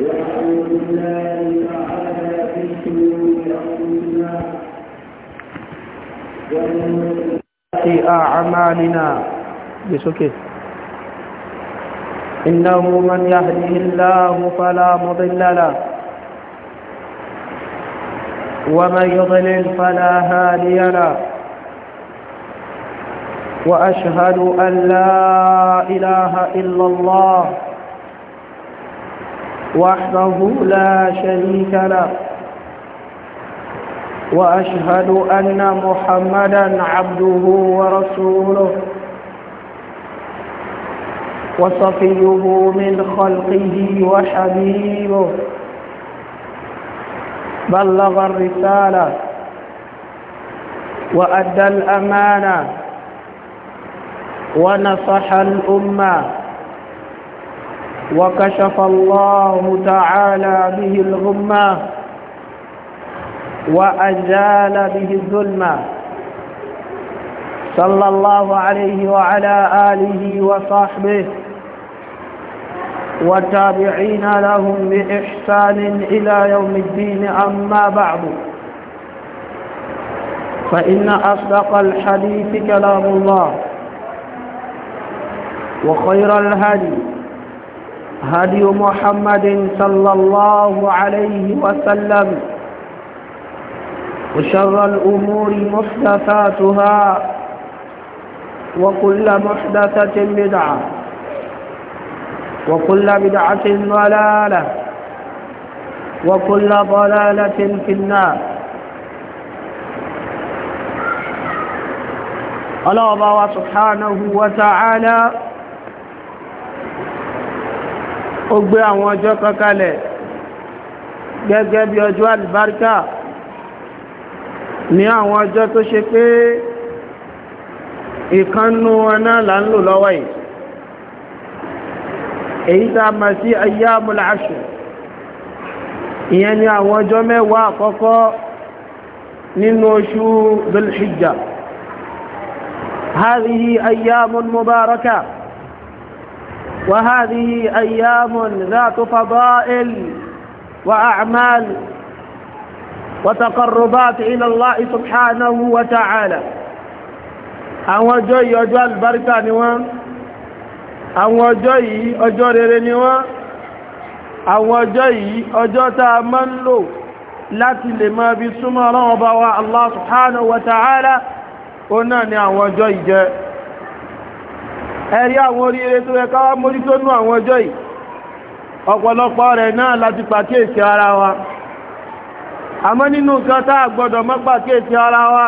وأعوذ بالله تعالى من شرور أنفسنا ومن سيئات أعمالنا بسكت إنه من يهده الله فلا مضل له ومن يضلل فلا هادي له وأشهد أن لا إله إلا الله وحده لا شريك له وأشهد أن محمدا عبده ورسوله وصفيه من خلقه وحبيبه بلغ الرسالة وأدى الأمانة ونصح الأمة وكشف الله تعالى به الغمة وأزال به الظلمة صلى الله عليه وعلى آله وصحبه والتابعين لهم بإحسان إلى يوم الدين أما بعد فإن أصدق الحديث كلام الله وخير الهدي هدي محمد صلى الله عليه وسلم وشر الأمور محدثاتها وكل محدثة بدعة وكل بدعة ضلالة وكل ضلالة في النار الله سبحانه وتعالى ó gbé àwọn ọjọ́ kan kalẹ̀ gẹ́gẹ́ bí ọjọ́ àlùbáríkà ní àwọn ọjọ́ tó ṣe pé ìkannú ọ̀nà là ń lò lọ́wọ́ yìí èyí tá a mọ̀ sí ayyamul ashr ìyẹn ni àwọn ọjọ́ mẹ́wàá àkọ́kọ́ nínú oṣù Dhul Hijjah hadhihi ayyamun mubarakah وهذه أيام ذات فضائل وأعمال وتقربات إلى الله سبحانه وتعالى àwọn ọjọ́ yìí ọjọ́ àlùbáríkà ni wọ́n àwọn ọjọ́ yìí ọjọ́ rere ni wọ́n àwọn ọjọ́ yìí ọjọ́ tá a máa ń lò láti lè máa bí súnmọ́ ọlọ́run ọba wa Allah subhanahu wa ta'ala ó náà ni àwọn ọjọ́ yìí jẹ́ ẹ̀rí àwọn oríire tó yẹ ká wá tó nú àwọn ọjọ́ yìí ọ̀pọ̀lọpọ̀ rẹ̀ náà láti pàkíyèsí ara wa àmọ́ nínú nǹkan tá a mọ́ pàkíyèsí ara wa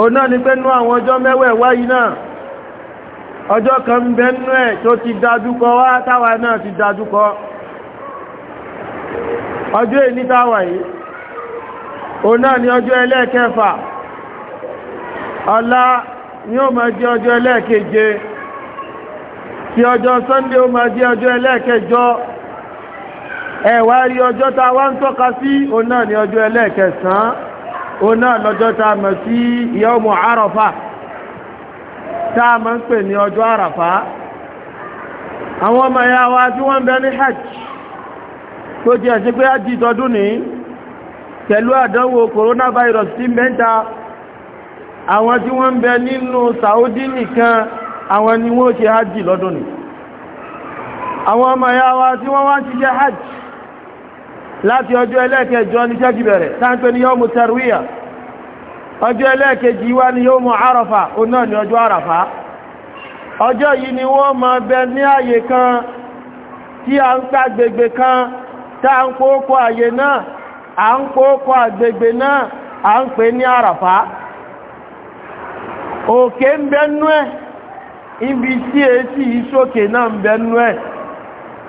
òun náà ni pé nú àwọn ọjọ́ mẹ́wẹ̀ẹ̀wá wáyé náà ọjọ́ kan ń bẹ nú ẹ̀ tó ti wá táwa náà ti ọjọ́ èní táwa yìí náà ni ọjọ́ ẹlẹ́ẹ̀kẹfà ọlá ni ó máa jẹ́ ọjọ́ ẹlẹ́ẹ̀keje tí ọjọ́ sunday ó máa jẹ́ ọjọ́ ẹlẹ́ẹ̀kẹjọ ẹ wá rí ọjọ́ tá a wá ń tọ́ka sí òun náà ni ọjọ́ ẹlẹ́ẹ̀kẹsàn òun náà lọ́jọ́ tá mọ̀ sí yawmu àràfà tá a máa ń pè ní ọjọ́ àràfà àwọn ọmọ ẹ̀yà wa tí wọ́n ń bẹ ní hajj tó jẹ́ ẹ̀sìn pé hajj ní pẹ̀lú àdánwò coronavirus àwọn tí wọ́n ń bẹ nínú Saudi nìkan àwọn ni wọ́n ṣe hajj lọ́dún ni àwọn ọmọ ìyá wa tí wọ́n wá hajj láti ọjọ́ ẹlẹ́ẹ̀kẹjọ ní ṣẹ́jì bẹ̀rẹ̀ táńpẹ́ ni yóò mú tarwiyya ọjọ́ ẹlẹ́ẹ̀kejì wá ni yóò mú àràfà ó ni ọjọ́ arafa. ọjọ́ yìí ni wọ́n bẹ ní kan tí a ń agbègbè kan tá à ń kó kó àyè náà à ń kó kó agbègbè náà à òkè ń bẹnú ẹ̀ ibi tí èsì ìṣòkè náà ń bẹnú ẹ̀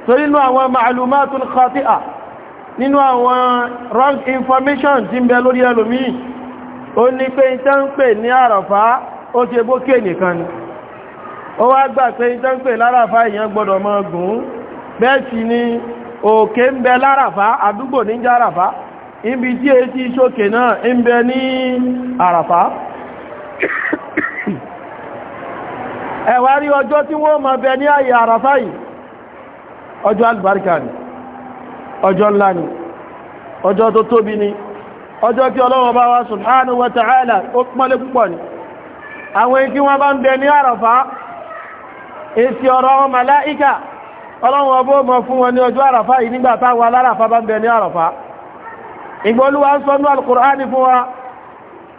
so nínú àwọn ma'lumatul khati'a nínú àwọn wrong information tí ń bẹ lórí ẹlòmíì ó ní pé ìtẹ́ ń pè ní àràfá ó ṣe bókè nìkan ni ó wá gbà pé ìtẹ́ ń pè láràfá èèyàn gbọ́dọ̀ mọ́ gùn bẹ́ẹ̀ sì ni òkè ń bẹ láràfá àdúgbò ní járàfá ibi tí èsì ìṣòkè náà ń bẹ ní àràfá ẹ̀wà rí ọjọ́ tí wọ́n máa bẹ ní àyè àràfá yìí ọjọ́ albarka ni ọjọ́ ńlá ni ọjọ́ tó tóbi ni ọjọ́ tí Ọlọ́run bá wá subhanahu wa ta'ala ó pọ́lé púpọ̀ ni àwọn ikí wọ́n bá ń bẹ ní àràfá èsì ọ̀rọ̀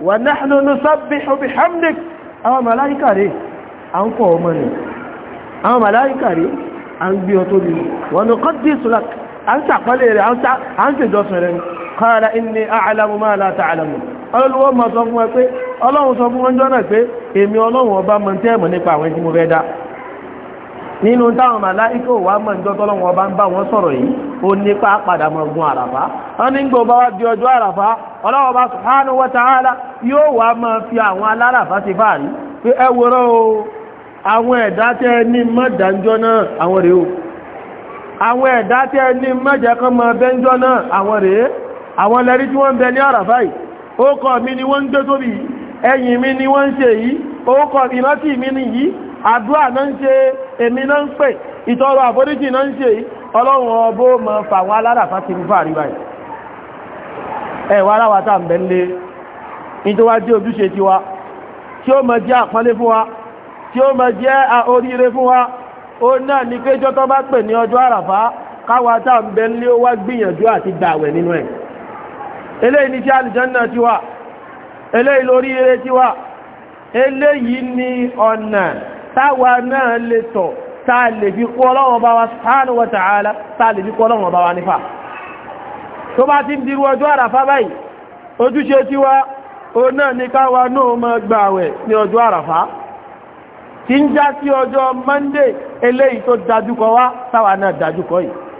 wà náà nusabbihu bihamdik àwọn màláíkà rí a ń kọ̀ ọmọ rẹ̀ àwọn màláíkà rí a ń gbí ọtó bí wọn ni kọ́dí sulak a ń sàpálẹ̀ rẹ̀ a ń tẹ̀jọsùn rẹ̀ qala inni a'lamu ma la ta'lamu ọlọ́lọ́wọ́ ma sọ fún ẹ pé sọ fún ọjọ́ náà pé nínú táwọn màláíkò wà mọ̀ ìjọ tọ́lọ́wọ́ bá ń bá wọn sọ̀rọ̀ yìí ó nípa padà mọ̀ àràfá wọ́n ní gbò bá wá di ọjọ́ àràfá ọlọ́wọ́ bá subhanahu wa yóò wá mọ̀ fi àwọn aláràfá ti fàárí pé ẹ wòrọ́ o àwọn ẹ̀dá tẹ́ ní mọ́dànjọ́ náà àwọn rèé o àwọn ẹ̀dá tẹ́ ní mọ́jẹ̀kan mọ́ bẹ́njọ́ náà àwọn rèé àwọn lẹ́rí tí wọ́n ń bẹ ní àràfá yìí ó kọ́ mi ni wọ́n ń gbé tóbi ẹ̀yìn mi ni wọ́n ń ṣe yìí ó ìrántí mi ni yìí àdúrà náà ń ṣe èmi náà ń pè ìtọrọ àforíjì náà ń ṣe ọlọ́run ọbó mọ fàwọn aláràfà ti rúfà àríwá yìí ẹ̀wà aláwà tá ń bẹ̀ lé nítorí jẹ́ ojúṣe tiwa tí ó mọ jẹ́ àpọ́nlé fún wa tí ó mọ jẹ́ oríire fún wa ó náà ní péjọ tó bá pè ní ọjọ́ àràfà káwa tá bẹ̀ lé ó wá gbìyànjú àti gbààwẹ̀ nínú ẹ̀ eléyìí ní tí àlùjánnà tiwa eléyìí lóríire tiwa eléyìí ní ọ̀nà táwa náà lè tọ̀ táà lè fi kọ́ ọlọ́wọ́ bá wa subhanahu wa ta'ala táà lè fi kọ́ ọlọ́wọ́ bá wa nífà tó bá ti ń dirú ọjọ́ àràfá báyìí ojúṣe tí wá o náà ní káwa náà mọ́ gbààwẹ̀ ní ọjọ́ àràfá tí ń já sí ọjọ́ Monday eléyìí tó dájúkọ wá táwa náà dájúkọ yìí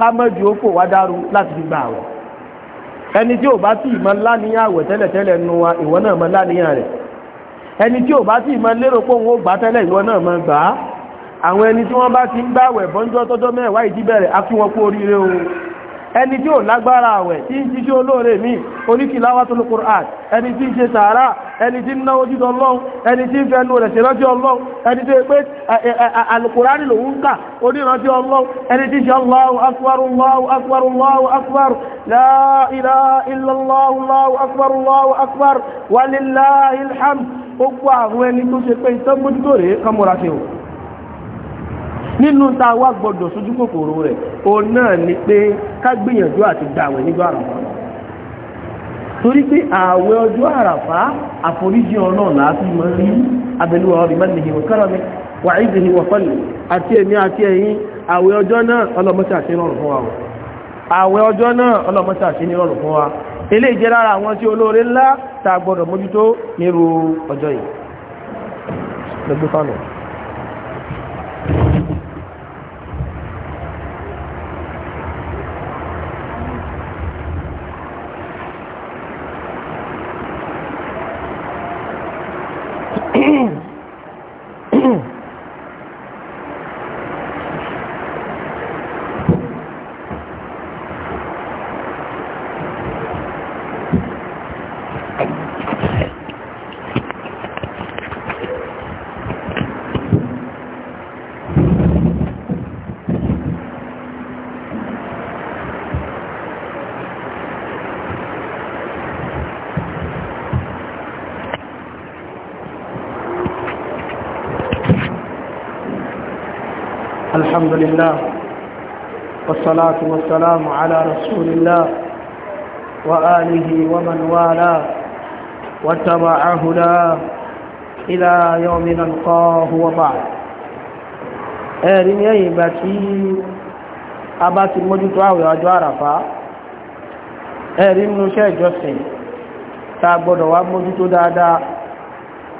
ká mọ́jú ó kò wá dárú láti fi gba àwẹ̀ ẹni tí ò bá tí ìmọ̀ láníyàn àwẹ̀ tẹ́lẹ̀tẹ́lẹ̀ nu wa ìwọ náà mọ̀ láníyàn rẹ̀ ẹni tí ò bá tí ìmọ̀ lérò pé òun ó gbà tẹ́lẹ̀ ìwọ náà mọ̀ gbà á àwọn ẹni tí wọ́n bá ti ń bọ́njọ́ tọ́jọ́ mẹ́wàá ìdíbẹ̀rẹ̀ á wọn kú o ẹni tí ó lágbára àwẹ̀ tí ń ṣiṣẹ́ olóore mi oníkìláwà tó lókùrù àt ẹni tí ń ṣe sàárà ẹni tí ń náwó jíjọ lọ́wọ́ ẹni tí ń fẹ́ lò rẹ̀ ṣe rántí ọlọ́wọ́ ẹni tó pé alùkùránì ló ń kà onírántí ọlọ́wọ́ ẹni tí ṣe Allahu akbar Allahu akbar Allahu akbar la ilaha illa Allahu Allahu nínú tá a wá gbọdọ̀ sójú kòkòrò rẹ̀ òun náà ni pé ká gbìyànjú àti gba àwẹ̀ nígbà àràfà torí pé àwẹ̀ ọjọ́ àràfà àforíjì ọlọ́run láti mọ rí abẹ́lúwa ọ̀rì mẹ́lìhì wọ̀kẹ́rọ̀mí wà ìdìhì wọ̀pẹ́lì àti èmi àti ẹ̀yin àwẹ̀ ọjọ́ náà ọlọ́mọtí àti rọrùn fún wa àwẹ̀ ọjọ́ náà ọlọ́mọtí àti rọrùn fún wa ilé ìjẹ́ lára àwọn tí olóore ńlá الحمد لله والصلاة والسلام على رسول الله وآله ومن والاه واتبع هداه إلى يوم نلقاه وبعد ẹ̀rin ẹ̀yìn ìgbà tí a bá ti mójútó àwẹ̀ ọjọ́ àràfá ẹ̀rin inú iṣẹ́ ìjọsìn tá gbọ́dọ̀ wá mójútó dáadáa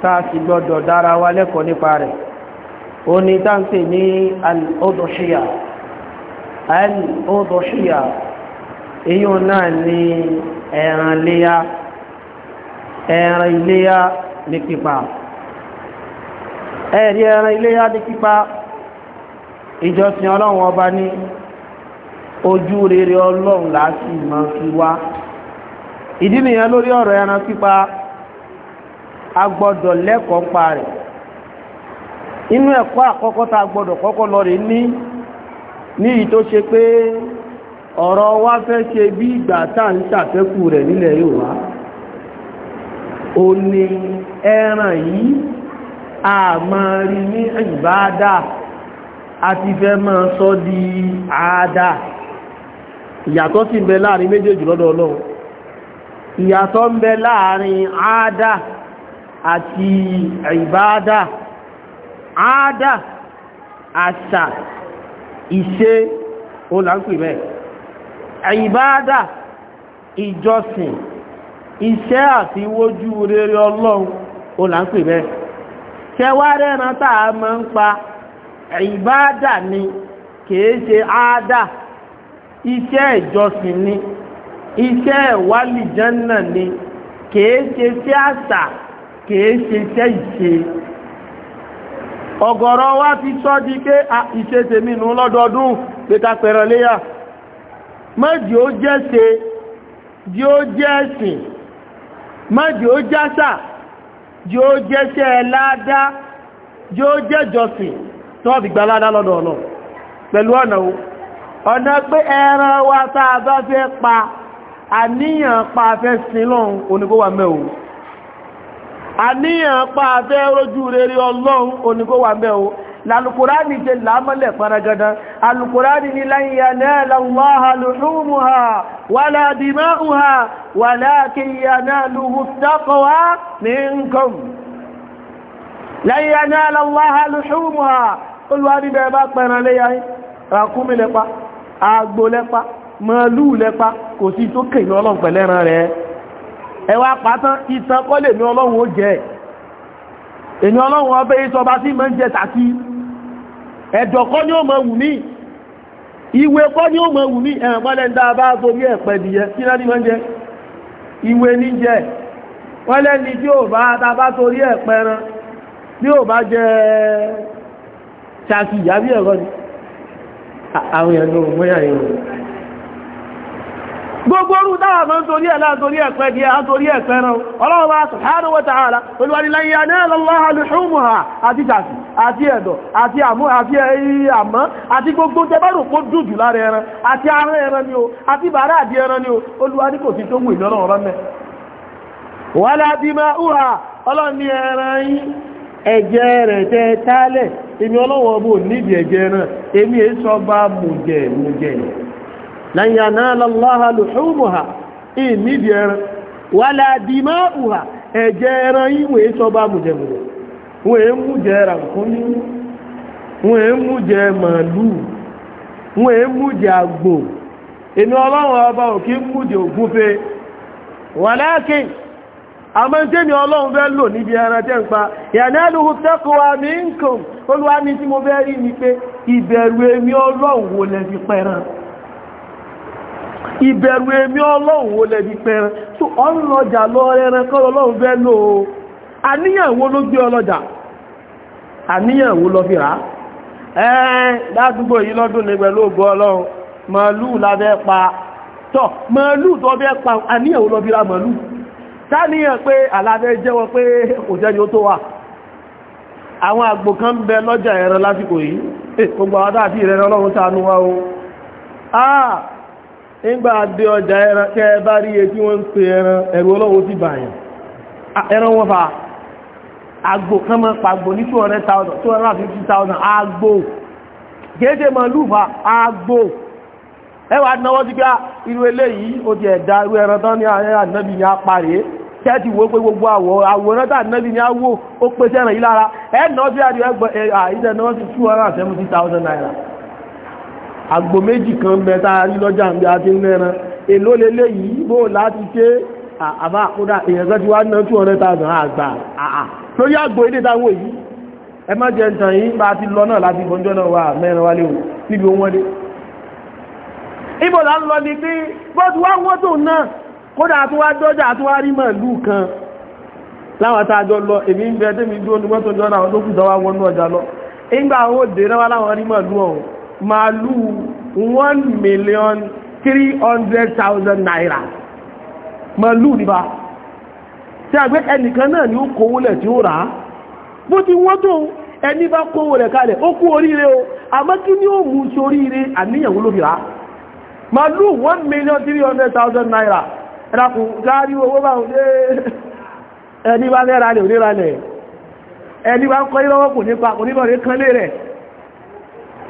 tá sì gbọ́dọ̀ dára wa lẹ́kọ̀ọ́ nípa rẹ̀ oni táǹkì ní al-udhiyya al-udhiyya èyí náà ni ẹran iléyá ẹran iléyá ní pípa ẹ̀rí ẹran iléyá ní pípa ìjọsìn ọlọ́run ọba ní ojú rere ọlọ́run láti mọ́ sí wá ìdí nìyẹn lórí ọ̀rọ̀ ẹran pípa a lẹ́kọ̀ọ́ pa rẹ̀ inú ẹ̀kọ́ àkọ́kọ́ tá gbọ́dọ̀ kọ́kọ́ lọ rẹ̀ ní ní ìtó ṣe pé ọ̀rọ̀ wa fẹ́ ṣe bí ìgbà tá ń ṣàfẹ́kù rẹ̀ nílẹ̀ Yorùbá ó ní ẹran yìí a máa rí ní ìbáadà àti fẹ́ máa sọ di àádá ìyàtọ̀ sì ń bẹ láàrin méjèèjì lọ́dọ̀ Ọlọ́run ìyàtọ̀ ń bẹ láàrin àádá àti ìbáadà àádà àṣà ìṣe olàǹpì bẹ́ẹ̀ ìjọsìn iṣẹ́ àti wójú rere ọlọ́run olàǹpì bẹ́ẹ̀ tẹwárẹ́ ẹran tá máa ń pa ìbáàdà ni kìí ṣe iṣẹ́ ìjọsìn ni iṣẹ́ ìwálìjánà ni kìí ṣe sí ṣe ọ̀gọ̀rọ̀ wa ti sọ di pé ìṣe tèmi nù lọ́dọọdún pé ká pẹ̀rọ léyà mọ́jì ó jẹ́ṣe jí ó jẹ́ ẹ̀sìn mọ́jì ó jásà jí ó jẹ́ṣẹ́ ládá jí ó jẹ́jọsìn tó fi gbà ládá lọ́dọ̀ a bá fẹ́ pa àníyàn pa fẹ́ àníyàn pa afẹ́ rójú rere ọlọ́run oníkó wà mẹ́ o lálùkùránì tẹ lámọ́lẹ̀ faragandan alùkùránì ni láyíyà náà láwọ́ha lùhùmù ha wà ládìmá ha wà láàkíyà náà lùhù tákọwá ní nǹkan láyíyà náà láwọ́ha lùhùmù ha olùwárí bẹ̀rẹ̀ bá pẹ̀rẹ̀ léyàí ràkúnmí lẹ́pa àgbò lẹ́pa màálù lẹ́pa kò sí tó kèyàn ẹwà pàtán ìtàn kọ́ lè ní ọlọ́run ó jẹ́ èmi ọlọ́run ọbẹ̀ ìsọba sí mọ́ ń jẹ tàkí ẹ̀dọ̀ kọ́ ní ó mọ̀ wù mí ìwé kọ́ ní ó mọ̀ wù mí ẹ̀rùn pọ́lẹ̀ ń dáa bá torí ẹ̀pẹ̀ dìyẹ kí náà ní mọ́ ń jẹ bá gbogbo orú dáwà mọ́ torí ẹ̀ látorí ẹ̀pẹ́ díẹ̀ àtorí ẹ̀pẹ́ rán ọlọ́run àti tàṣì àti ẹ̀dọ̀ àti àmú àti àti gbogbo tẹbẹ́rù kó dùdù lára ẹran àti lan yanala Allaha luhumuha ìmìdì ẹran wala dima'uha ẹ̀jẹ̀ ẹran yìí wọ́n sọ bá mùjẹ̀mùjẹ̀ wọ́n mú jẹ ràkúnmí wọ́n malu, jẹ màálù ọba tí ni ọlọ́run fẹ́ lò níbi ń pa olúwa ní tí mo rí pé ìbẹ̀rù èmi ọlọ́run wo ìbẹ̀rù èmi ọlọ́run wo lẹ́bi pẹran tó ọlọ́jà lọ ẹran kọ́ ọlọ́run fẹ́ lò ó àníyàn ló gbé ọlọ́jà àníyàn lọ fi rà á ẹ́ẹ́ yìí lọ́dún ní pẹ̀lú ọlọ́run màálù la pa tọ́ màálù tó fẹ́ pa lọ fi màálù táníyàn pé jẹ́wọ́ pé kò jẹ́ ni ó tó wà àwọn àgbò kan bẹ lọ́jà ẹran lásìkò yìí eh, gbogbo àwọn dáàtì ìrẹ́rẹ́ ọlọ́run o ah! nígbà dé ọjà ẹran kẹ́ bá rí wọ́n ń pè ẹran ẹ̀rù ọlọ́wọ́ sí bàyàn ẹran wọn fa àgbò kan pàgbò ní 200,000 250,000 àgbò kéèké máa ẹwà náwọ́ ti gbá irú eléyìí ó ti ẹ̀dá irú ẹran tán ní ní apàrẹ kẹ́ẹ̀tì wo pé gbogbo àwọ̀ àwòrán tà ní awó ó pèsè ẹran yìí lára ẹ̀nà ọ́sí àìsẹ̀ náà 270,000 naira àgbò méjì kan mẹ́ta rí lọ́jà ń bí a ti ń rẹ́ran èló lélẹ́ yìí bó láti ṣe àbá àkúdà èèyàn kan ti wá ná 200,000 àgbà àà lórí àgbò ilé táwọn èyí ẹ má jẹ ǹtàn yìí bá ti lọ náà láti ìbọnjọ́ náà wà mẹ́rin wálé o níbi ohun wọlé ibò là ń lọ ní pé bọ́ọ̀tù wá wọ́n tó náà kódà tó wá dọ́jà tó wá rí màálù kan láwọn àtàjọ lọ èmi ń bẹ tẹ́mi dúró ní mọ́tò jọ́nà àwọn tó kù màálù one million three hundred thousand naira màálù nípa tí a gbé ẹnìkan náà ni ó kówó lẹ̀ tí ó rà á bó ti wọ́n tó ẹni bá kówó rẹ̀ kalẹ̀ ó kú oríire o àmọ́ kí ni ó mú soríire àníyàn ló rà á màálù one million three hundred thousand naira ẹ̀dàkùn gáárí owó bá ń dé ẹni bá lẹ́ra lè oníralẹ̀ ẹni bá ń kọ́ ìlọ́wọ́ kò nípa kò nípa rẹ̀ kan lé rẹ̀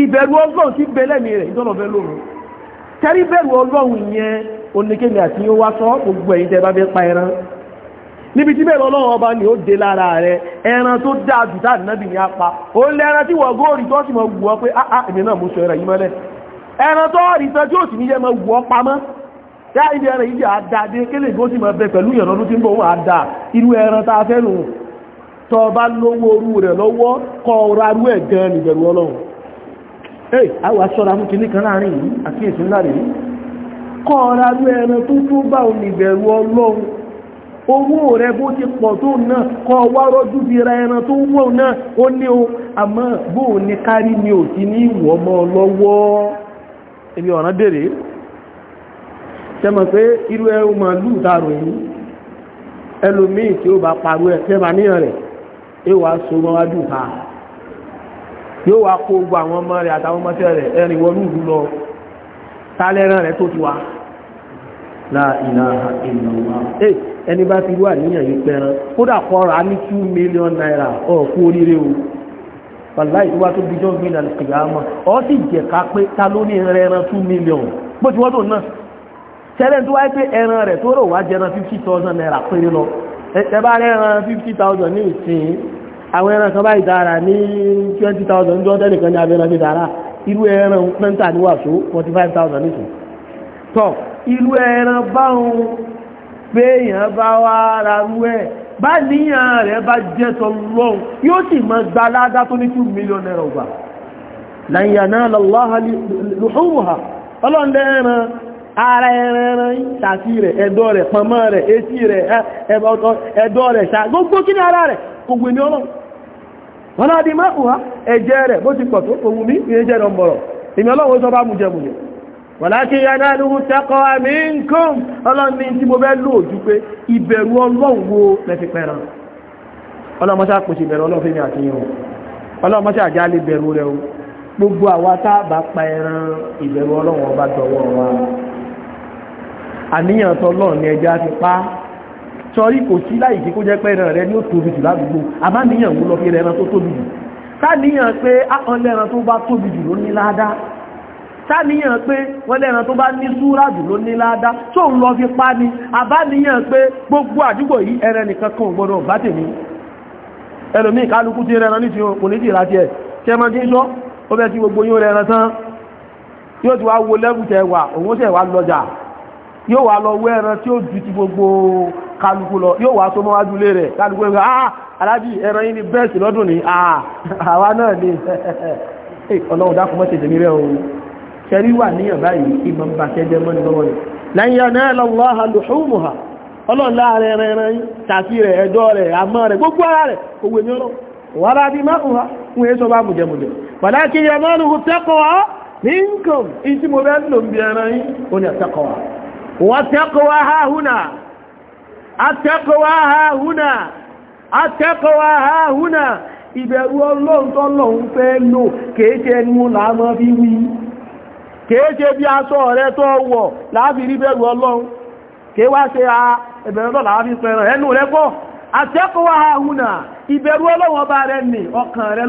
ìbẹ̀rù ọlọ́run ti bẹ lẹ́mìí rẹ̀ ìtọ́nà fẹ́ lóru tẹ́rí bẹ̀rù ọlọ́run yẹn oníkémi àti yóò wá sọ gbogbo ẹ̀yin tẹ́ bá fẹ́ pa ẹran níbi tí bẹ̀rù ọlọ́run ọba ni ó dé lára rẹ̀ ẹran tó dáa jù táà nábì ní apá ó lé ẹran tí wọ́n góòrì tó sì mọ̀ wù ọ́ pé áá ah, ah, èmi náà mo sọ ẹran yìí mọ́lẹ̀ ẹran tó rí tán tí ó sì ní yẹ mọ̀ wù ọ́ pamọ́ yá ibi ẹran yìí àdáadé kélé ìgbó sì mọ̀ bẹ pẹ̀lú ìyànà ọdún tí ń bọ̀ wọn àdá irú ẹran tá a fẹ́ nù tọ́ ọba lówó orú rẹ̀ lọ́wọ́ kọ́ ọ̀rọ̀ arú ẹ̀ gan-an níbẹ̀rù ẹ̀ àwọn aṣọ́ra mú kìíní kan láàrin yìí àkíyèsí ńlá rèé kọ́ ọ̀rá rú ẹran tó tó bá òun ọlọ́run owó rẹ bó ti pọ̀ tó náà kọ wárọ́ dúbí ra ẹran tó wọ́n ó ní o àmọ́ bó ní kárí ni ò ti ní ìwọ̀ yóò wá kó gbogbo àwọn ọmọ rẹ̀ àtàwọn ọmọṣẹ́ rẹ̀ ẹ̀rìn wọnú ìlú lọ tálẹ́rán rẹ̀ tó ti wá eh, ẹni bá ti wà níyàn yìí pẹran kódà kọ́ra ní 2 million naira ọ̀kú oríire o wàláì tó wá tó bíjọ́ gbìnà kìyàmọ̀ ọ́ sì jẹ̀ká pé ta ló ní ẹran 2 million bó ti wọ́n tó náà tẹ́lẹ̀ tó wáyé pé ẹran rẹ̀ tó rò wá jẹran 50,000 naira péré lọ ẹ bá rẹ̀ ẹran 50,000 ní ìsìn àwọn ẹran kan báyìí dára ní 20,000 jọ́ tẹ́nìkan ní abẹ́ran ti dára irú ẹran pẹ́ntà ní wàṣó 45,000 nìṣù tọ́ irú ẹran báhùn pé èèyàn bá wá ara rú ẹ̀ bá níyàn rẹ̀ bá jẹ́ sọlọ́run yóò sì mọ́ gba ládá tó ní 2 mílíọ̀n náírà ọgbà lẹ́yìn náà lọ́lọ́ha lùhùnmùhà ọlọ́ndẹ́ẹ̀ràn ara ẹran ṣàfi rẹ̀ ẹ̀dọ́ rẹ̀ pọ̀mọ́ rẹ̀ etí rẹ̀ ẹ̀dọ́ rẹ̀ ṣà gbogbo kí ní ara rẹ̀ gbogbo ènìyàn wọ́n náà di máa wá ẹ̀jẹ́ rẹ̀ bó ti pọ̀ tó ohun mi ní ẹjẹ́ rọmbọ̀rọ̀ ìmì ọlọ́run sọ bá mú jẹ mú jẹ walakin yanaluhu taqwa minkum ọlọ́run ní tí mo bẹ́ lóòjú pé ìbẹ̀rù ọlọ́run wo lẹ́fi pẹ̀ràn ọlọ́run mọ́sá kò sí ìbẹ̀rù ọlọ́run fi ní àtìyàn sọrí kò sí láì kí kó jẹ́ pé ẹran rẹ ní ó tóbi jù ládùúgbò àbáníyàn wo lọ fi ẹran tó tóbi jù sáníyàn pé ọlẹ́ran tó bá tóbi jù ló ní ládá sáníyàn pé ọlẹ́ran tó bá ní súrà jù ló ní ládá tó ń lọ fi pa ni àbáníyàn pé gbogbo àdúgbò yìí ẹran nìkan kan gbọdọ̀ bá tèmi ẹlòmíì kálukú ti rẹran ní ti kò ní ti ìrántí yóò wà lọ wẹ́ ẹran tí ó ju ti gbogbo kálukú lọ yóò wá tó mọ́wájú lé rẹ̀ kálukú ẹgbẹ́ ah alájì ẹran yìí ni bẹ́ẹ̀sì lọ́dún ni ah, àwa náà ni ọlọ́run dákun mọ́ tètè nílẹ̀ o ṣẹ́rí wà níyàn báyìí kí mọ́ bá tẹ́jẹ́ ha lọ́wọ́ rẹ̀ lẹ́yìn náà lọ́wọ́ gbogbo ara wa ha àtẹ́kọ̀wà ha húnà àtẹ́kọ̀wà ha húnà ìbẹ̀rù ọlọ́run tó lọ́run fẹ́ lò kéèṣe ẹni mú láàmọ́ bí wí bí sọ rẹ tó wọ̀ láàfi rí bẹ̀rù ọlọ́run kéwà ṣe a ọba re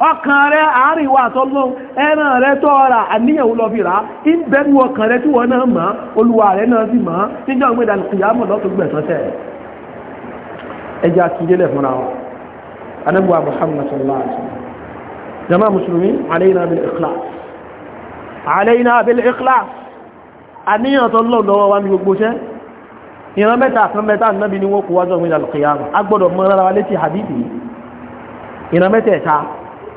ọkàn rẹ àárín wa àtọ́lọ́run ẹran rẹ tọ́ ra àníyànwó lọ fi rà á ìbẹ̀rù ọkàn rẹ tí wọ́n náà mọ̀ olúwa rẹ náà sì mọ̀ níjọ́ ìgbé ìdàlù kìyàmọ̀ lọ́tún gbẹ̀sán tẹ̀ ẹjẹ́ àtijẹ́lẹ̀ fúnra wọn anábùwà Muhammad sallallahu alaihi wasallam jama musulumi alayna bil ikhlas alayna bil ikhlas àníyàn tó lọ́ lọ́wọ́ wa ní gbogbo iṣẹ́ ìran mẹ́ta kan mẹ́ta nábi ni wọ́n kó wájọ́ ìgbé ìdàlù agbọ́dọ̀ mọ́ rárá wa létí hadithi ìran mẹ́tẹ̀ẹ̀ta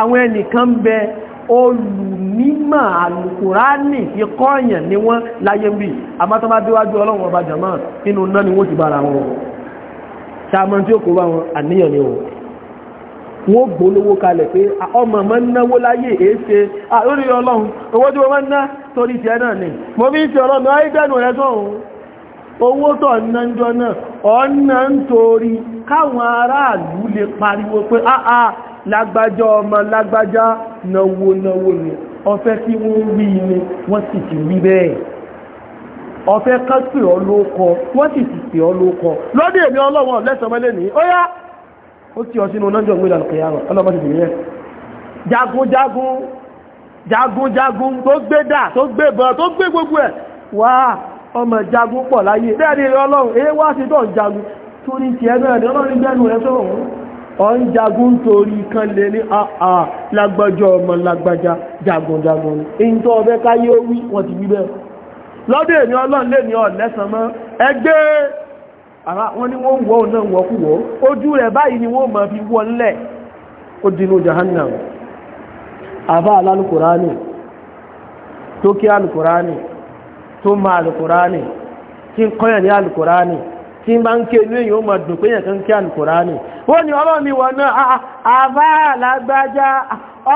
àwọn ẹnìkan bẹ olùmímọ̀ alùkùránì fi ni ní wọ́n láyé bí àmátọ́ bá déwájú ọlọ́run ọba jàmá nínú náà ni wọ́n ti bára wọn ṣàmọ́ tí ó kó bá wọn àníyàn ni wọn wọ́n gbólówó kalẹ̀ pé ọmọ mọ́ náwó láyé èéṣe àlórí ọlọ́run owó tí wọ́n mọ́ ná torí ti ẹ̀nà ni mo bí ti ọlọ́run ayédẹ́nu rẹ̀ sọ́hun owó tọ̀ lágbájá ọmọ lágbájá náwó náwó ni ọfẹ́ tí wọ́n wí ni wọ́n sì ti wí bẹ́ẹ̀ ọfẹ́ ká pè ọ lóko wọ́n sì ti pè ọ lóko lọ́dẹ̀ èmi ọlọ́wọ́n lẹ́sọ̀mọ́lẹ́ ní ó yá ó tí ọ sínú lọ́jọ́ ìwé ìlànà kẹyàrọ̀ ọlọ́mọ ti bèèrè jagunjagun jagunjagun tó gbé dà tó gbé bọ̀ tó gbé gbogbo ẹ̀ wà ọmọ jagun pọ̀ láyé bẹ́ẹ̀ ni ọlọ́run èé wá sí tó jagun torí ti ẹgbẹ́ rẹ̀ ọlọ́run gbẹ́nu rẹ̀ sọ́rọ̀ ọ̀n jagun torí kan lè ní àà ah, ah, lágbàjọ ọmọ lágbàjá jagunjagun ní tó ọbẹ́ káyé ó wí wọ́n ti wí lọ́dẹ̀ lè ní ọ̀lẹ́sàn mọ́ ẹgbẹ́ wọn ni wọ́n náà kúwọ́ ojú rẹ̀ báyìí ni wọ́n mọ̀ fi ó tí bá ń ké inú èyàn máa dùn pé yẹ̀kan kí alùkùránì ó ní ọmọ ni wọ̀ náà ah, ah, àbá alágbájá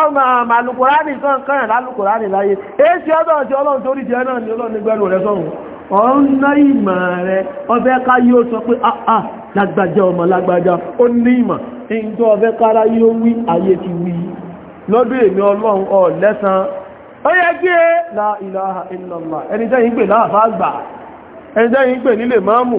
ọmọ alùkùránì kan kan lálùkùránì láyé èsì ọdọ̀ tí ọlọ́run tó rí jẹ náà ni ọlọ́run rẹ sọ́run rẹ ká yóò sọ pé àà ah, lágbájá ọmọ lágbájá ó ní ìmọ̀ kára yóò wí ayé ti wí lọ́dún èmi ọlọ́run ọ̀ lẹ́san ó yẹ kí é la ilaha ẹni tẹ́yìn pè láàfáà gbà ẹni tẹ́yìn pè máàmù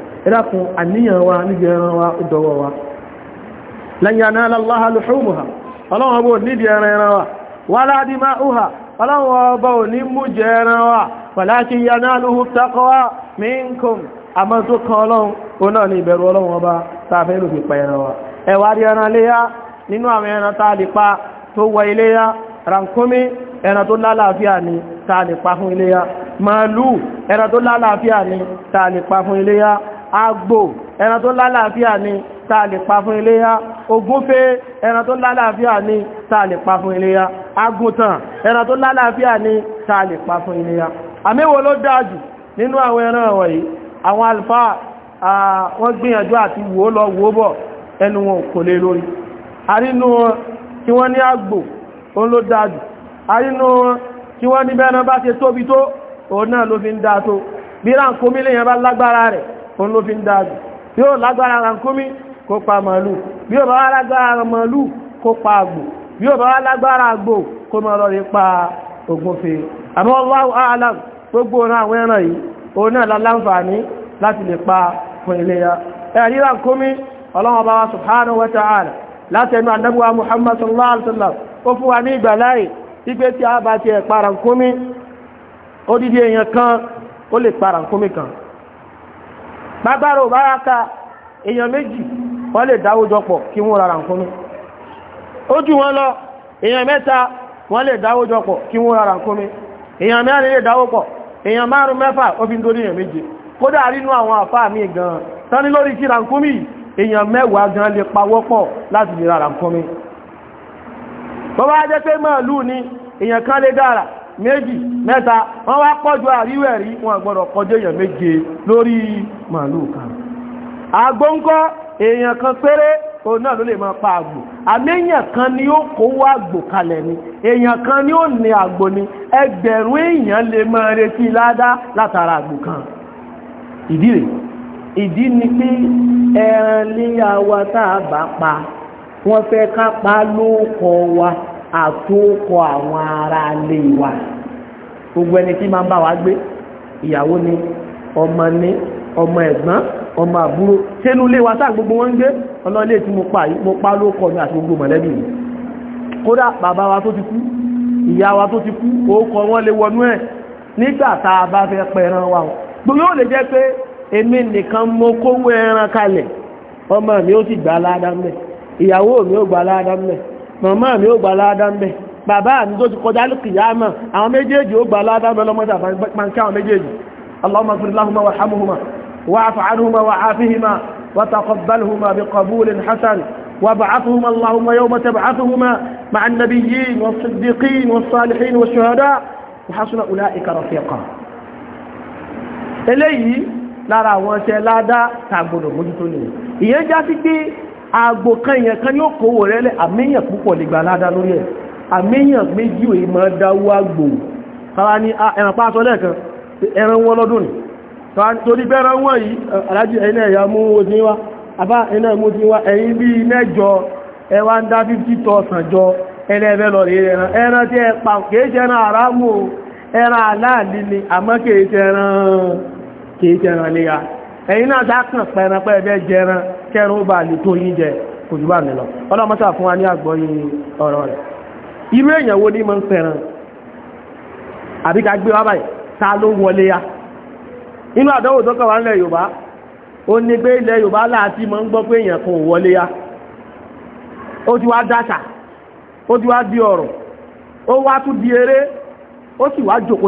ìrákun àníyàn wa níbi ẹran wa ó dọwọ́ wa lẹ́yìn àná aláha lùhùmùhà ọlọ́run ọba ò níbi ẹran ẹran wa wà láti máa hùhà ọlọ́run ọba ò ní mú jẹ ẹran wa pàlákì yaná lùhù takọwa lè pa fún iléyá màálù ẹran tó lálàáfíà ni tá lè pa fún iléyá àgbò ẹran tó lálàáfíà ni tá lè pa fún iléyá ogúnfẹ́ ẹran tó lálàáfíà ni tá lè pa fún iléyá agùntàn ẹran tó lálàáfíà ni tá lè pa fún iléyá àmẹ́wò ló dájú nínú àwọn ẹran wọ̀nyí àwọn alfa wọ́n gbìyànjú àti wò lọ wò bọ̀ ẹnu wọn kò lè lórí arínú tí wọ́n ní àgbò òun ló dájú arínú tí wọ́n ní bẹ́ẹ̀ran bá ṣe tóbi tó òun náà ló fi ń dá tó bí ránkómílẹ̀ yẹn bá lágbára rẹ̀ òun ló fi ń dáadù bí ó lágbára rankúmí kó pa màálù bí ó bá wá lágbára màálù kó pa àgbò bí ó bá wá lágbára àgbò kó mọ́ lọ rí pa ògúnfe àmọ́ Allahu a'lam gbogbo ọ̀nà àwọn ẹran yìí òun náà láláǹfààní láti lè pa fún iléyá subhanahu wa ta'ala láti ẹnu àdábúwa Muhammad sallallahu alaihi wasallam ó fún wa ní ìgbàláyè wípé tí a bá ti ẹ̀ pa rankúmí ó dídí èèyàn kan ó bábára òbáraka èèyàn méjì wọ́n lè dáwójọpọ̀ kí wọ́n rárá nǹkan mi ojú wọn lọ èèyàn mẹ́ta wọ́n lè dáwójọpọ̀ kí wọ́n rárá nǹkan mi èèyàn mẹ́rin lè dáwópọ̀ èèyàn márùn mẹ́fà obìnrin tó ní èèyàn méje kódà rínú àwọn àfáà méjì mẹ́ta wọ́n wá pọ̀jù àríwẹ̀ rí wọn gbọ́dọ̀ kọjá èèyàn méje lórí màálù kan àgbóńkọ́ èèyàn kan péré òun náà ló lè máa pa àgbò àmẹ́yàn kan ni ó kówó àgbò kalẹ̀ ni èèyàn kan ni ó ní àgbò ni ẹgbẹ̀rún èèyàn lè máa retí ládá látara àgbò kan ìdí rẹ̀ ìdí ni pé ẹran léyà wa tá a bá pa wọ́n fẹ́ ká pa lóòkọ wa àtúkọ àwọn ará ilé wa gbogbo ẹni tí máa ń bá wa gbé ìyàwó ni ọmọ ni ọmọ ẹ̀gbọ́n ọmọ àbúrò tẹ́lú ilé wa sáà gbogbo wọn ń gbé ọlọ́lé tí mo pa mo pa ló kọ ní àti gbogbo mọ̀lẹ́bí mi kódà bàbá wa tó ti kú ìyá wa tó ti kú orúkọ wọn lè wọnú ẹ̀ nígbà tá a bá fẹ́ pẹran wa gbogbo ó lè jẹ́ pé èmi nìkan mo kówó ẹran kalẹ̀ ọmọ mi ó sì gbà ládàá ìyàwó mi ó gbà ládàá màmá mi ó gbà ládá nbe bàbá mi do ti kọjá lùkìyàmà àwọn méjèèjì ó gbà ládá nbe lo mo bẹ̀ lọ́mọdé àfàǹkà àwọn méjèèjì allahumma ighfir lahuma warhamhuma wa'fu anhuma wa'afihima وتقبلهما بقبول حسن وابعثهما اللهم يوم تبعثهما مع النبيين والصديقين والصالحين والشهداء وحسن أولئك رفيقا eléyìí lára àwọn ṣe ládá tàgbọ̀dọ̀ mójútó ní ìyẹn já sí pé agbò kan èèyàn kan yóò kówó rẹ̀ àmẹ́yàn púpọ̀ lè gbà ládá lórí ẹ̀ àmẹ́yàn méjì ò ìmọ̀ dáwó àgbò kára ni ah, ẹran pàṣọ lẹ́ẹ̀kan ẹran wọn lọ́dún ní torí bẹ́ran wọn yìí eh, alájí ẹ̀yìn ẹ̀yà mú ojú wá ẹ Eyi na dákàn pẹ̀rẹ̀pẹ̀ ẹ̀bẹ́ jẹran kẹrún ó bà lè tó yín jẹ kò jù bá mi lọ wa wo ni ma ń pẹ̀ràn ya inú àdánwò tó kàn wá Yorùbá ó ní pé ilẹ̀ Yorùbá láti mọ́ ń gbọ́ pé ya ó ti wá ó ti wá di ọ̀rọ̀ ó wá tún di eré ó sì wá jòkó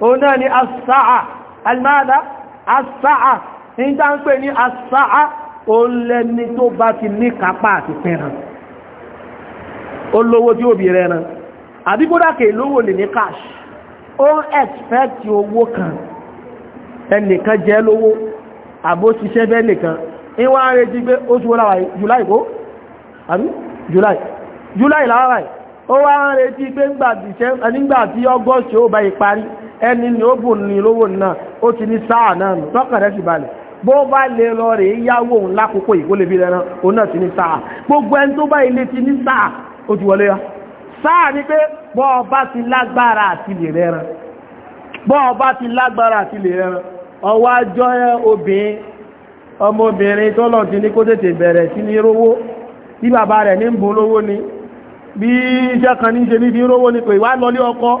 Ona ni as-sa'a. Al-mada as-sa'a. Inta n pe ni as-sa'a o le ni to ba ti ni kapa ti fẹran. O lowo ti o bi re ran. Abi ke lowo le ni cash. O expect owo kan. Eni je lowo. Abo si se be nikan. Iwa re ti o ti wo la wa July ko. Abi July. la wa wa. O wa re ti pe ngba December ni o ba pari. ẹni ni ó bù ní lówó náà ó ti ní sáà náà nù tọ́kàn rẹ̀ sì balẹ̀ bó bá lè lọ yáwó òun lákòókò yìí kó lè náà ti ní sáà gbogbo ẹni tó bá ilé ti ní sáà ó ti wọlé ya sáà ni pé bọ́ ọba ti lágbára àti lè rẹran bọ́ ọba ti lágbára àti lè ọwọ́ ajọ́ obìnrin ọmọbìnrin tó lọ ti ní kó tètè bẹ̀rẹ̀ sí ní ni bí iṣẹ́ kan ní ṣe ní ni pé ọkọ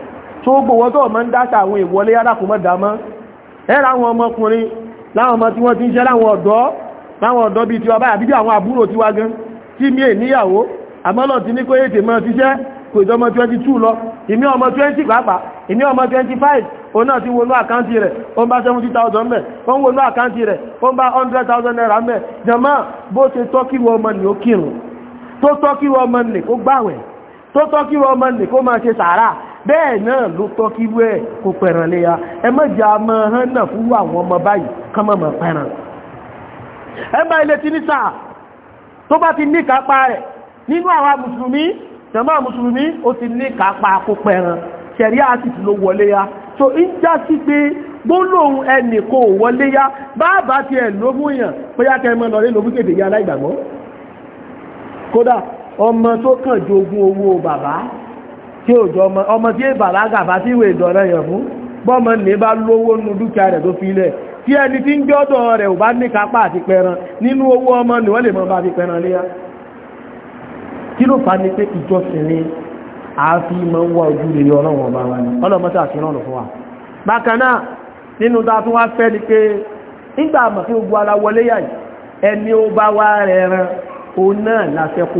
tó gbòwọ́ tó ọmọ ń dáta àwọn ìwọlé alákùnmọ́dámọ́ ẹ́rà àwọn ọmọkùnrin láwọn ọmọ tí wọ́n ti ń ṣẹ́ láwọn ọ̀dọ́ láwọn ọ̀dọ́ bí tiwa báyà bíbí àwọn àbúrò tiwa gan tí mi è níyàwó àmọ́lọ̀ ti ní kó ètè mọ́ ṣiṣẹ́ kò ìjọ ọmọ 22 lọ ìmí ọmọ 20 pàápàá ìmí ọmọ 25 òun náà ti wọnú àkáǹtì rẹ̀ ó ń bá 70,000 mẹ́ ó ń wọnú àkáǹtì rẹ̀ ó ń bá 100,000 naira mẹ́ jàmá bó ṣe tọ́kíwọ ọmọ nì ó kírun tó tọ́kíwọ ọmọ nì kó gbàwẹ̀ tó tọ́kíwọ ọmọ nì kó máa ṣe sàárà bẹ́ẹ̀ náà ló tọ́ kí kó pẹ̀ràn léya ẹ mọ̀jà hàn náà fún àwọn ọmọ báyìí kán mọ̀ pẹ̀ràn ẹ ilé tí ní tó bá ti rẹ̀ mùsùlùmí tẹ̀mọ́ mùsùlùmí ó ti ní kápá kó pẹ̀ràn ṣẹ̀rí àsìtì ló wọlé ya so ń já sí pé gbólóhùn ẹnì kò wọlé ya ẹ̀ ya ọmọ tó kàn jogun owó tí òjò ọmọ ọmọ tí èbàlágà bá tí ìwé ìdọ̀rẹ́ yẹ̀ fún bọ́mọ ní bá lówó nínú dúkìá rẹ̀ tó filẹ̀ tí ẹni tí ń gbọ́dọ̀ rẹ̀ ò bá ní kápá àti pẹran nínú owó ọmọ ni wọ́n lè mọ́ bá fi pẹran léyá kí ló fa ni pé ìjọsìn ni a fi mọ́ ń wá ojú rere ọlọ́run ọba wa ni ọlọ́mọ tí àti rán fún wa bákan náà nínú ta tún wá fẹ́ ni pé nígbà àmọ̀ tí gbogbo ara wọlé yà ẹni ó bá wá rẹ̀ ran òun náà láfẹ́ kó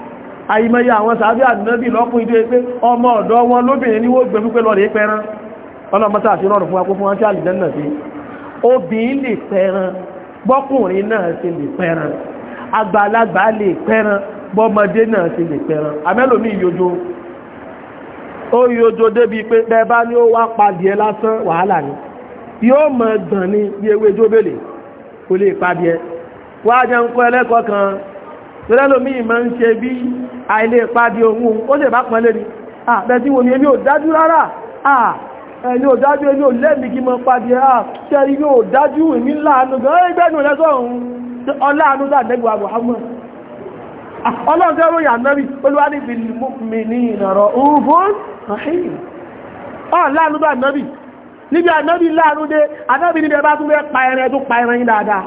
àìmọye àwọn sàábí ànábì lọ́pùn ìdó pé ọmọ ọ̀dọ́ wọn lóbìnrin ni wó gbẹ̀mú pé lọ́rẹ̀ pẹran ọlọ́mọta àti rọrùn fún akó fún wọn tí àlìjẹ́nà sí obìnrin lè pẹran bọ́kùnrin náà sì lè pẹran àgbàlagbà lè pẹran bọ́mọdé náà sì lè pẹran yojo débi pé bẹ́ẹ̀bá ni ó wá padìẹ lásán wàhálà ni yóò mọ̀ gbọ̀n ni bí ewé jóbèlè kò lè padìẹ wájẹ́ ń kọ́ ẹlẹ́kọ̀ọ́ kan tẹ́lẹ́lòmí ìmọ̀ ń ṣe bí àìlè pàdé ohun ó lè bá pọ̀n lé ní àbẹ̀tí wo ni èmi ò dájú rárá ẹni ò dájú ẹni ò lẹ́mí kí mọ́ pàdé àṣẹ ilé ò dájú ìmí láàánú gan ẹgbẹ́nu lẹ́sọ̀ ọ̀hún ọláàánú láàdẹ́gbà Muhammad ọlọ́gẹ́rò yàmẹ́rí olúwádìí mi ní ìnàrọ̀ oòrùn rahim ọ̀láàánú bá nẹ́bí níbi ànẹ́bí láàánú dé ànẹ́bí níbi ẹbá tún bẹ́ pa ẹran ẹdún pa ẹran yìí dáadáa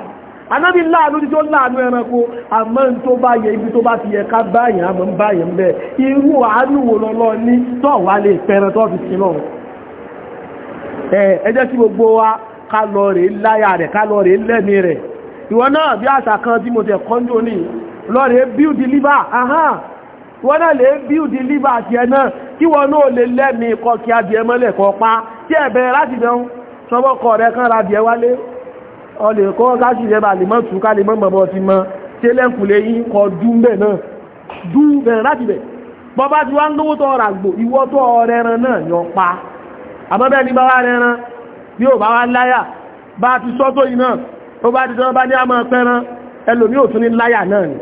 anábì láàánú tí ó láàánú ẹranko àmọ́ tó bá yẹ ibi tó bá ti yẹ ká báyàn àmọ́ báyàn bẹ́ẹ̀ irú àánú wo lọ́lọ́ ní tọ́wà lè fẹ́ràn tó fi sí náà ẹ jẹ́ kí gbogbo wa ká lọ rèé láyà rẹ̀ ká lọ rèé lẹ́mí rẹ̀ ìwọ náà bí àṣà kan tí mo tẹ̀ kọ́ńjó ní lọ́rẹ̀ build liver aha wọ́n náà lè build liver àti ẹ̀nà kí wọ́n náà lè lẹ́mí kọ kí adìẹ mọ́lẹ̀ kọ pa tí ẹ̀bẹ̀ láti dán sọmọ́kọ̀ rẹ̀ kan ra adìẹ wálé ọlẹ̀ kọ́ káṣì ìjẹba lè mọ́ tún káàlè mọ́ bọ̀ ti mọ́ tí lẹ́kùnlé yí kọ dúnbẹ̀ náà dúnbẹ̀ láti bẹ̀ bọ́bá ti wá ń lówó tọ́ ọ̀rà gbò ìwọ́ tọ́ ọ̀rẹ́ ẹran náà yọ pa àbọ́bẹ́ ní báwá rẹran bí ò bá wá láyà bá ti sọ́tọ̀ iná ó bá ti tán bá ní àmọ́ pẹran ẹlòmí ò tún ní láyà náà ni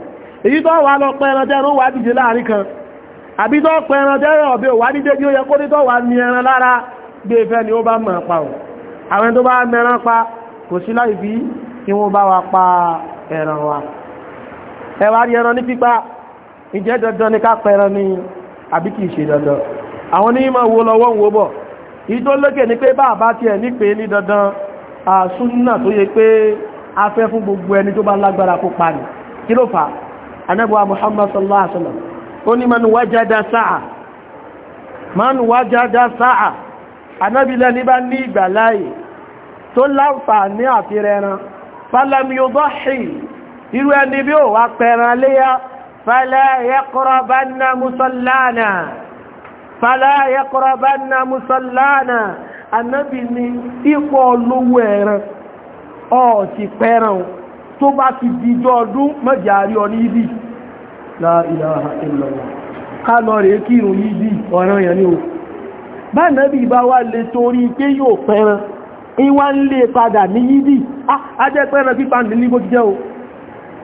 èyí tó wà lọ pẹran tẹ́rọ wà dìde láàrin kan àbí tó pẹran tẹ́rọ ọ̀bẹ wà ní dédé ó yẹ kó ní tó wà ní ẹran lára gbé ìfẹ́ ni ó bá mọ̀ pa ọ̀ àwọn tó bá mẹ́ran pa kò sí láì bí kí wọ́n bá wa pa ẹran wa ẹwà rí ẹran ní pípa ìjẹ́ dandan ní ká pẹran ní àbí kìí ṣe dandan àwọn onímọ̀ wo lọ́wọ́ ń wo bọ̀ ìjọ lókè ní pé bá àbá tiẹ̀ ní pé ní dandan àsúnnà tó yẹ pé a fẹ́ fún gbogbo ẹni tó bá lágbára kó pa ní kí ló fà anábọ̀wà Muhammad sallallahu alaihi wasallam ó ní wajada sáà man wajada sáà anábìlẹ̀ ní bá ní tó láǹfààní àti rẹran fálẹ́mi yóò bọ́ ṣì irú ẹni bí ó wá pẹ̀ràn léyá fala yaqrabanna musallana fala yaqrabanna musallana anábì ni ipò olówó ẹ̀ràn ọ̀ọ̀tì pẹ̀ràn tó bá ti dìjọ ọdún mọ́jàrí ọ ní ibi la ká lọ rèé kírun ìwá ń lè padà ní yídì ajẹ́pẹ́ ah, ẹran pípa ń dìlí bó ti jẹ́ o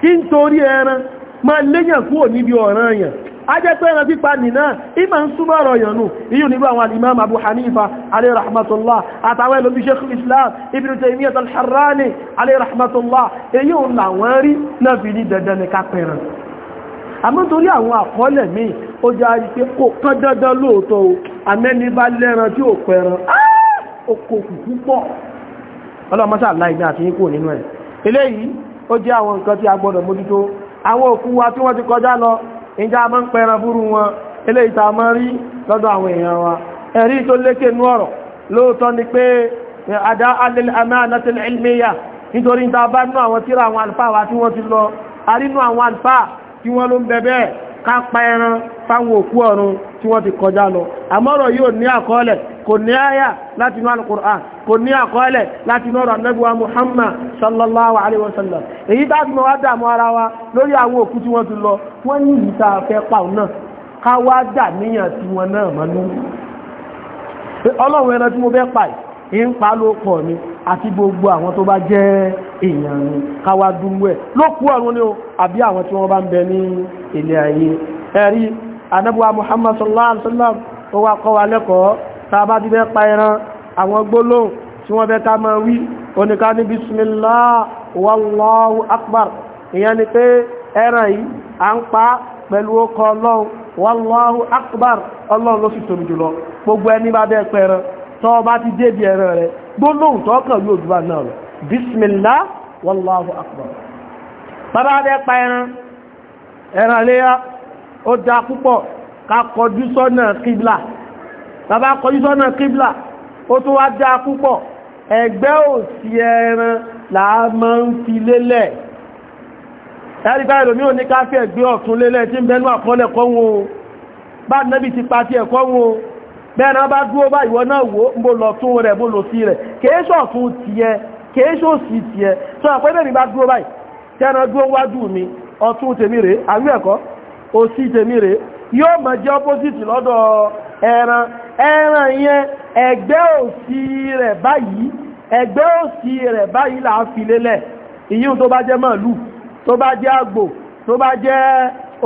kí n torí ẹran ma léyàn kúrò níbi ọ̀ràn yàn ajẹ́pẹ́ ẹran pípa nìna ìmá ń súnmọ́ ọ̀rọ̀ yàn nù iyùn nígbà àwọn Imam Abu Hanifa alayhi rahmatullah àtàwọn Islam Ibn Taymiyyah al-Harrani alayhi rahmatullah èyí òun làwọn rí náà fi ní dandan ní kápẹ́ràn àmọ́ torí àwọn àkọọ́lẹ̀ míì ó jẹ́ àrífẹ́ kò kán dandan lóòótọ́ o àmẹ́ni bá lẹ́ran tí ò pẹ̀ràn áà oko kùkú pọ̀ ọlọ́mọ́sà láìdá àti yíkò nínú ẹ̀ eléyìí ó jẹ́ àwọn nǹkan tí a gbọ́dọ̀ mójútó àwọn òkú wa tí wọ́n ti kọjá lọ ìjà máa ń pẹran búrú wọn eléyìí tá a máa rí lọ́dọ̀ àwọn èèyàn wa ẹ̀rí tó lékè nú ọ̀rọ̀ lóòótọ́ ni pé àdá alẹ́lẹ́ amáànátẹ́lẹ́ ilmiya nítorí tá a bá nú àwọn a rí kò ní àyà láti inú alukur'an kò ní àkọọ́lẹ̀ láti inú ọ̀rọ̀ anẹ́gbẹ̀wà muhammad sallallahu alaihi wasallam èyí tá fi wá dàmú ara wa lórí àwọn òkú tí wọ́n ti lọ wọ́n ní ìyí tá a fẹ́ pa òun náà ká wá dà níyàn tí wọn náà mọ́nú ọlọ́run ẹran tí mo fẹ́ pa ì ń pa ní ilé ẹ̀rí anábùwà muhammad sallallahu alaihi wasallam ó wá kọ́ wa lẹ́kọ̀ọ́ tàbá ti fẹ́ pa ẹran àwọn gbólóhùn tí wọ́n fẹ́ ká máa wí oníká ní bismillah wallahu akbar ìyẹn ni pé ẹran yìí à ń pa pẹ̀lú ọkọ̀ ọlọ́run wallahu akbar ọlọ́run ló sì tóbi jùlọ gbogbo ẹni bá bẹ́ẹ̀ pẹ́ ẹran tó bá bismillah wallahu akbar bàbá bẹ́ẹ̀ pa ẹran ẹran léyà ó dá púpọ̀ ká kọjú sọ́nà kíblà bàbá kọjú sọ́nà kíblà ó tó wá dá púpọ̀ ẹgbẹ́ òsì ẹran làá máa ń fi lélẹ̀ ẹ̀ríkà ìlòmí ò ní káfẹ́ ẹgbẹ́ ọ̀tún lélẹ̀ tí ń bẹnu àkọọ́lẹ̀ kọ́ wọn o bá nẹ́bì ti pa tí ẹ̀kọ́ wọn o bẹ́ẹ̀nà bá dúró bá ìwọ náà wò mo lọ tún rẹ̀ mo lò sí rẹ̀ kéèṣọ́ fún tiẹ̀ kéèṣọ́ sí tiẹ̀ tó àpẹ́ bẹ́ẹ̀ ni bá dúró báyìí tẹ́ẹ̀nà dúró wájú mi ọtún tèmi rèé àwí ẹ̀kọ́ òsì tèmi rèé yóò mọ̀ jẹ́ opposite lọ́dọ̀ ẹran ẹran yẹn ẹgbẹ́ òsì rẹ̀ báyìí ẹgbẹ́ òsì rẹ̀ báyìí là á fi lélẹ̀ ìyíhun tó bá jẹ́ màálù tó bá jẹ́ àgbò tó bá jẹ́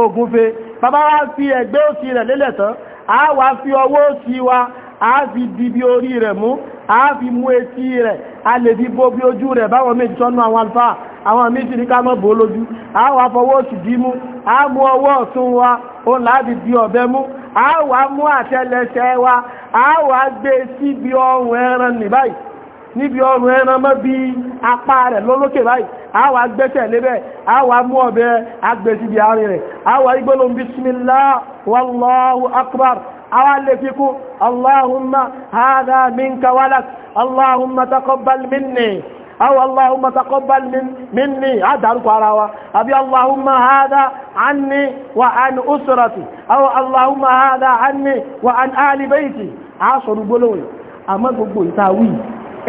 ògúnfe bàbá wa fi ẹgbẹ́ òsì rẹ̀ lélẹ̀ tán a wá fi ọwọ́ òsì wa a fi di bí orí rẹ̀ mú a fi mú etí rẹ̀ a lè fi bó bí ojú rẹ̀ báwọn méjì sọ́nà àwọn alfa àwọn méjì ní ká má bò lójú a wà fọwọ́ òsì dí mú a mú ọwọ́ ọ̀tún wa ó láti di ọ̀bẹ mú a wà mú àtẹ́lẹsẹ̀ wa a wà gbé síbi ọrùn ẹran ní báyìí níbi ọrùn ẹran mọ́ bí apá rẹ̀ lólókè báyìí a wà gbẹ́sẹ̀ lébẹ̀ a wà mú ọ̀bẹ agbé síbi àárín rẹ̀ a wà igbólóhùn bismillah wallahu akbar a wà lè fi kún allahumma hada minka walak Allahumma taqabbal minni أو اللهم تقبل من مني أدعوك على أبي اللهم هذا عني وعن أسرتي أو اللهم هذا عني وعن آل بيتي عشر بلوي أما gbogbo ìtawí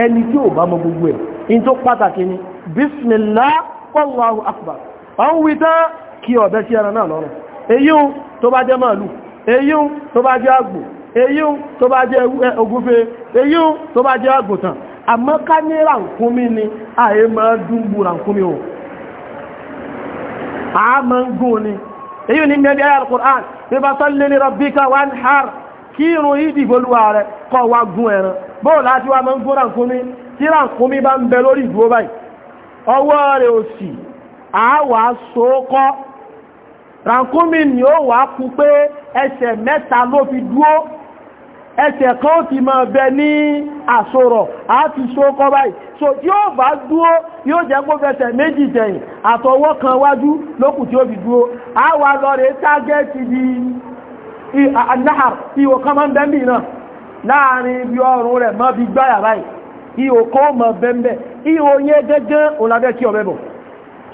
ẹni tí ó bá mọ gbogbo ẹ̀ in tó pàtàkì ni bismillah wallahu akbar ọ̀n wítá kí ọ̀bẹ́ sí ẹran náà lọ́rùn èyí tó bá jẹ́ màálù èyí tó bá jẹ́ àgbò èyí tó bá jẹ́ ogúnfe èyí tó bá jẹ́ àgùntàn àmọ́ ká ní ràǹkúnmí ni àyè máa dúnbù ràǹkúnmí o àmọ́ ń gùn ni èyí ni mẹ́bí ayà al-Qur'an bí bá sọ́lé ní rabbika wanhar kí irun ìdì bolúwa rẹ̀ kọ́ wa gún ẹran bóò láti wá máa ń ràǹkúnmí ẹsẹ̀ mẹ́ta ló fi dúó ẹsẹ̀ kan ó ti bẹ ní a ti so kọ báyìí so tí ó bá dúó yóò jẹ́ kó fẹsẹ̀ méjì tẹ̀yìn àtọwọ́ kan wájú lókù tí ó fi dúó a wà lọ rẹ̀ tágẹ́ẹ̀tì di anáhàr ihò kan máa ń náà láàrin ibi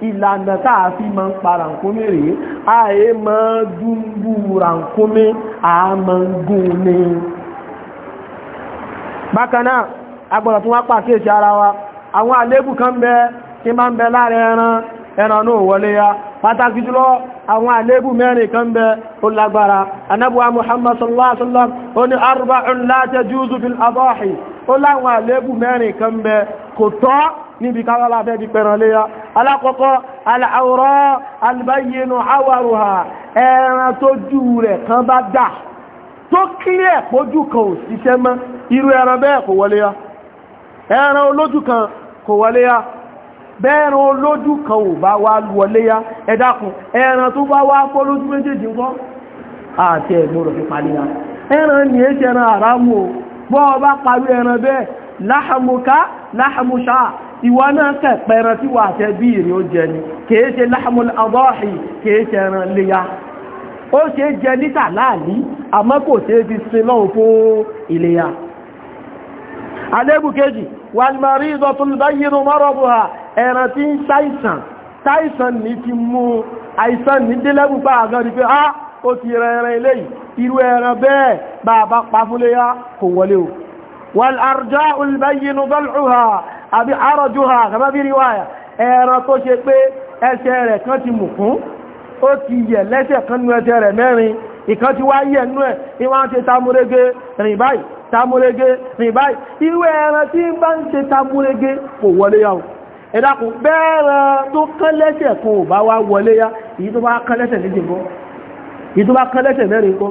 ìlànà táà fi máa ń pa ràǹkúnmí rèé ààyè máa dúnbù ràǹkúnmí àmọ́ ń gùn ni bákan náà agbọ̀nà tó wá pàkíyèsí ara wa àwọn àlébù kan bẹ tí ma ń bẹ láàrin ẹran ẹran náà wọlé ya pàtàkì jùlọ àwọn àlébù mẹ́rin kan bẹ ó lágbára anábúwa muhammad sallallahu alaihi wasallam ó ní di alákọ̀ọ́kọ́ aláwòrán albayinu awaruha ẹran tó jú rẹ̀ kan bá dà tó kílẹ̀ pójú kan ò síṣẹ́ mọ́ irú ẹran bẹ́ẹ̀ kò wọlé ya ẹran olójú kan kò wọlé ya bẹ́ẹ̀ran olójú kan ò bá wá wọlé ya ẹ ẹran tó bá wá fọ́ lójú méjèèjì ń kọ́ àti fi ya ìwà náà kẹ̀pẹ̀ ẹran tí wà tẹ́ bí ìrìn ó jẹ ni kìí ṣe láhàmùl àbọ́ọ̀hì kìí ṣe ẹran léyà ó ṣe jẹ níta láàlí àmọ́ kò ṣe fi sin lọ́hùn fún ìléyà alébù kejì wàlmarí ìzọtún báyìí mọ́rọ̀bùhà ẹran tí ń ṣàìsàn ṣàìsàn ní ti àbí àrọ̀júhà àgbàbí ríwáyà ẹran tó ṣe pé ẹsẹ̀ rẹ̀ kan ti mù kún ó ti yẹ̀ lẹ́sẹ̀ kan nú ẹsẹ̀ rẹ̀ mẹ́rin ìkan ti wá yẹ̀ nú ẹ̀ ìwọ́n ṣe tamúrégé rìn báyìí tamúrégé rìn báyìí irú ẹran tí ń bá ń ṣe tamúrégé kò wọlé yàwó ẹ̀dàkùn bẹ́ẹ̀rẹ̀ tó kán lẹ́sẹ̀ kan ò bá wá wọlé yá èyí tó bá kán lẹ́sẹ̀ méjì kọ́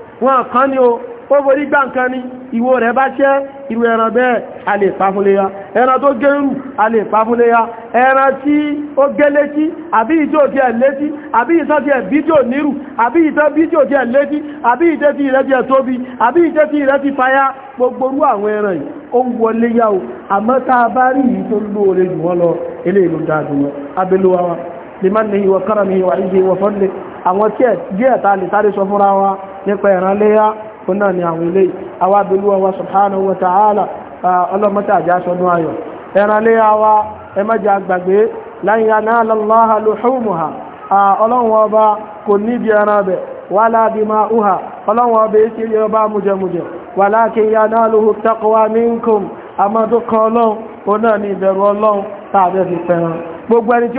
wọn kan ni o ó borí gbá nǹkan ní ìwo rẹ̀ bá ṣẹ́ irú ẹran bẹ́ẹ̀ a lè pa fún léyá ẹran tó gẹ́rù a lè pa fún léyá ẹran tí ó gẹ́ létí àbí ìjọ tí ẹ̀ létí àbí tí ẹ̀ bíjò nírù àbí ìtọ́ bíjò tí ẹ̀ létí àbí tí ìrẹ́ tí ẹ̀ tóbi àbí tí ti gbogbo àwọn ẹran yìí ó ń o àmọ́ bá rí yìí tó lóore jù wọ́n lọ wa lè má àwọn díẹ̀ tá lè sáré sọ fúnra wa nípa ẹ̀ràn léyá kó náà ni àwọn ilé àwa abẹ́lú wa subhanahu wa ta'ala ọlọ́mọta àjá sọdún ayọ̀ ẹ̀ràn léyá wa ẹ má jẹ́ àgbàgbé lan yanala Allaha luhumuha ọlọ́run ọba kò níbi ẹran bẹ̀ wala dima'uha ọlọ́run gbogbo ẹni tí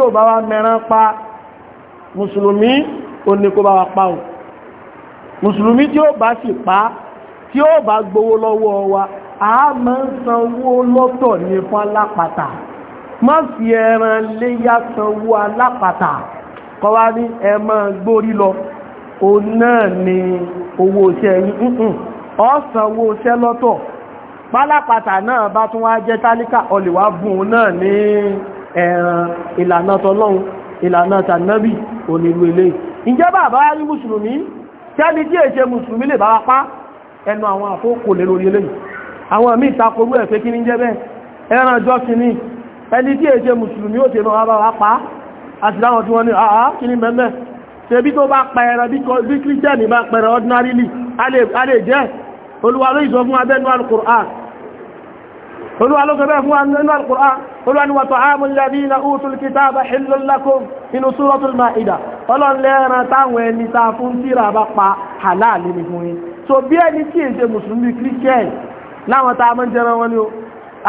ò bá wá mẹ́ràn pa mùsùlùmí ó ní kó bá wa pa ò mùsùlùmí tí ó bá sì pa tí ó bá gbowó lọ́wọ́ wa a máa ń sanwó lọ́tọ̀ ní fún alápàtà má fi ẹran léyà sanwó alápàtà kọ́ wá ní ẹ máa gbórí lọ o náà ni owó iṣẹ́ yìí ọ sanwó iṣẹ́ lọ́tọ̀ pálápàtà náà bá tún wá jẹ́ tálíkà ọlẹ̀wà bùn náà ní ẹran ìlànà tọlọ́run ìlànà tànàbì onílù ilé ìjẹ́ bàbá rí mùsùlùmí tẹ́ni tí èṣe mùsùlùmí lè bá pá ẹnu àwọn àfókò lè lórí ilé àwọn àmì ìtakorú ẹ̀ pé kí ní jẹ́ bẹ́ẹ̀ ẹran jọ́sìn ni ẹni tí èṣe mùsùlùmí ó tẹ́nu wá bá wá pa àti láwọn tí wọ́n ní àá kí ní mẹ́mẹ́ ṣebí tó bá pa bí kírísítẹ́nì bá pẹ̀rẹ̀ ordinarily a lè jẹ́ olúwa ló ìsọ fún abẹ́nu alukur'an olúwa ló sọ bẹ́ẹ̀ fún nínú al-Qur'an olúwa ni wa ta'amu alladhina utul kitaba hillun lakum inú suratul Ma'idah ọlọ́nlẹ́ran táwọn ẹni ta fún tíra bá pa halal ní fún yín so bí ẹni tí èsè mùsùlùmí christian láwọn ta mọ́ jẹran wọn ni ó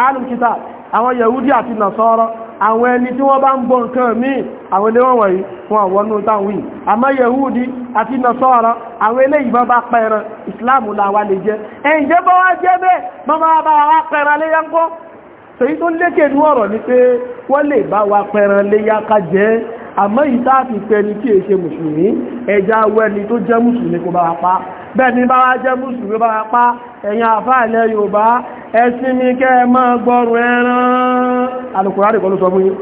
alùkítà àwọn yahudi àti nasọ́rọ́ àwọn ẹni tí wọ́n bá ń bọ nǹkan míì àwọn ilé wọ́n wọ̀nyí fún àwọnú táwọn yìí àmọ́ yehudi àti nasara àwọn eléyìí bá bá pẹran islam làwa lè jẹ ẹ̀ǹjẹ́ bá wá jẹ́ bẹ́ẹ̀ bá bá bá wá pẹran léyà ń kọ́ èyí tó lékè ní ọ̀rọ̀ ni pé wọ́n lè bá wa pẹran léyà ká jẹ àmọ́ bẹ́ẹ̀ni bá wá jẹ́ mùsùlùmí bá pa ẹ̀yìn àfá ilẹ̀ Yorùbá ẹ̀sìn mi kẹ́ ẹ máa gbọ́rùn ẹran alùkùránì kọ́ sọ fún yín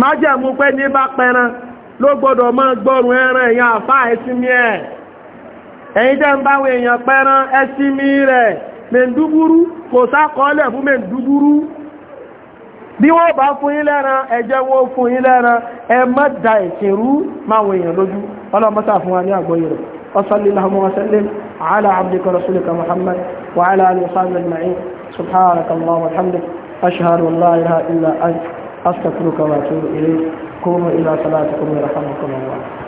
má jẹ́ mú pé ní bá pẹran ló gbọ́dọ̀ máa gbọ́rùn ẹran ẹ̀ bí wọ́n bá fún ẹjẹ́ fún ẹ lójú wa فصل اللهم وسلم على عبدك ورسولك محمد وعلى آله وصحبه أجمعين سبحانك اللهم وبحمدك أشهد أن لا إله إلا أنت أستغفرك وأتوب إليك قوموا إلى صلاتكم يرحمكم الله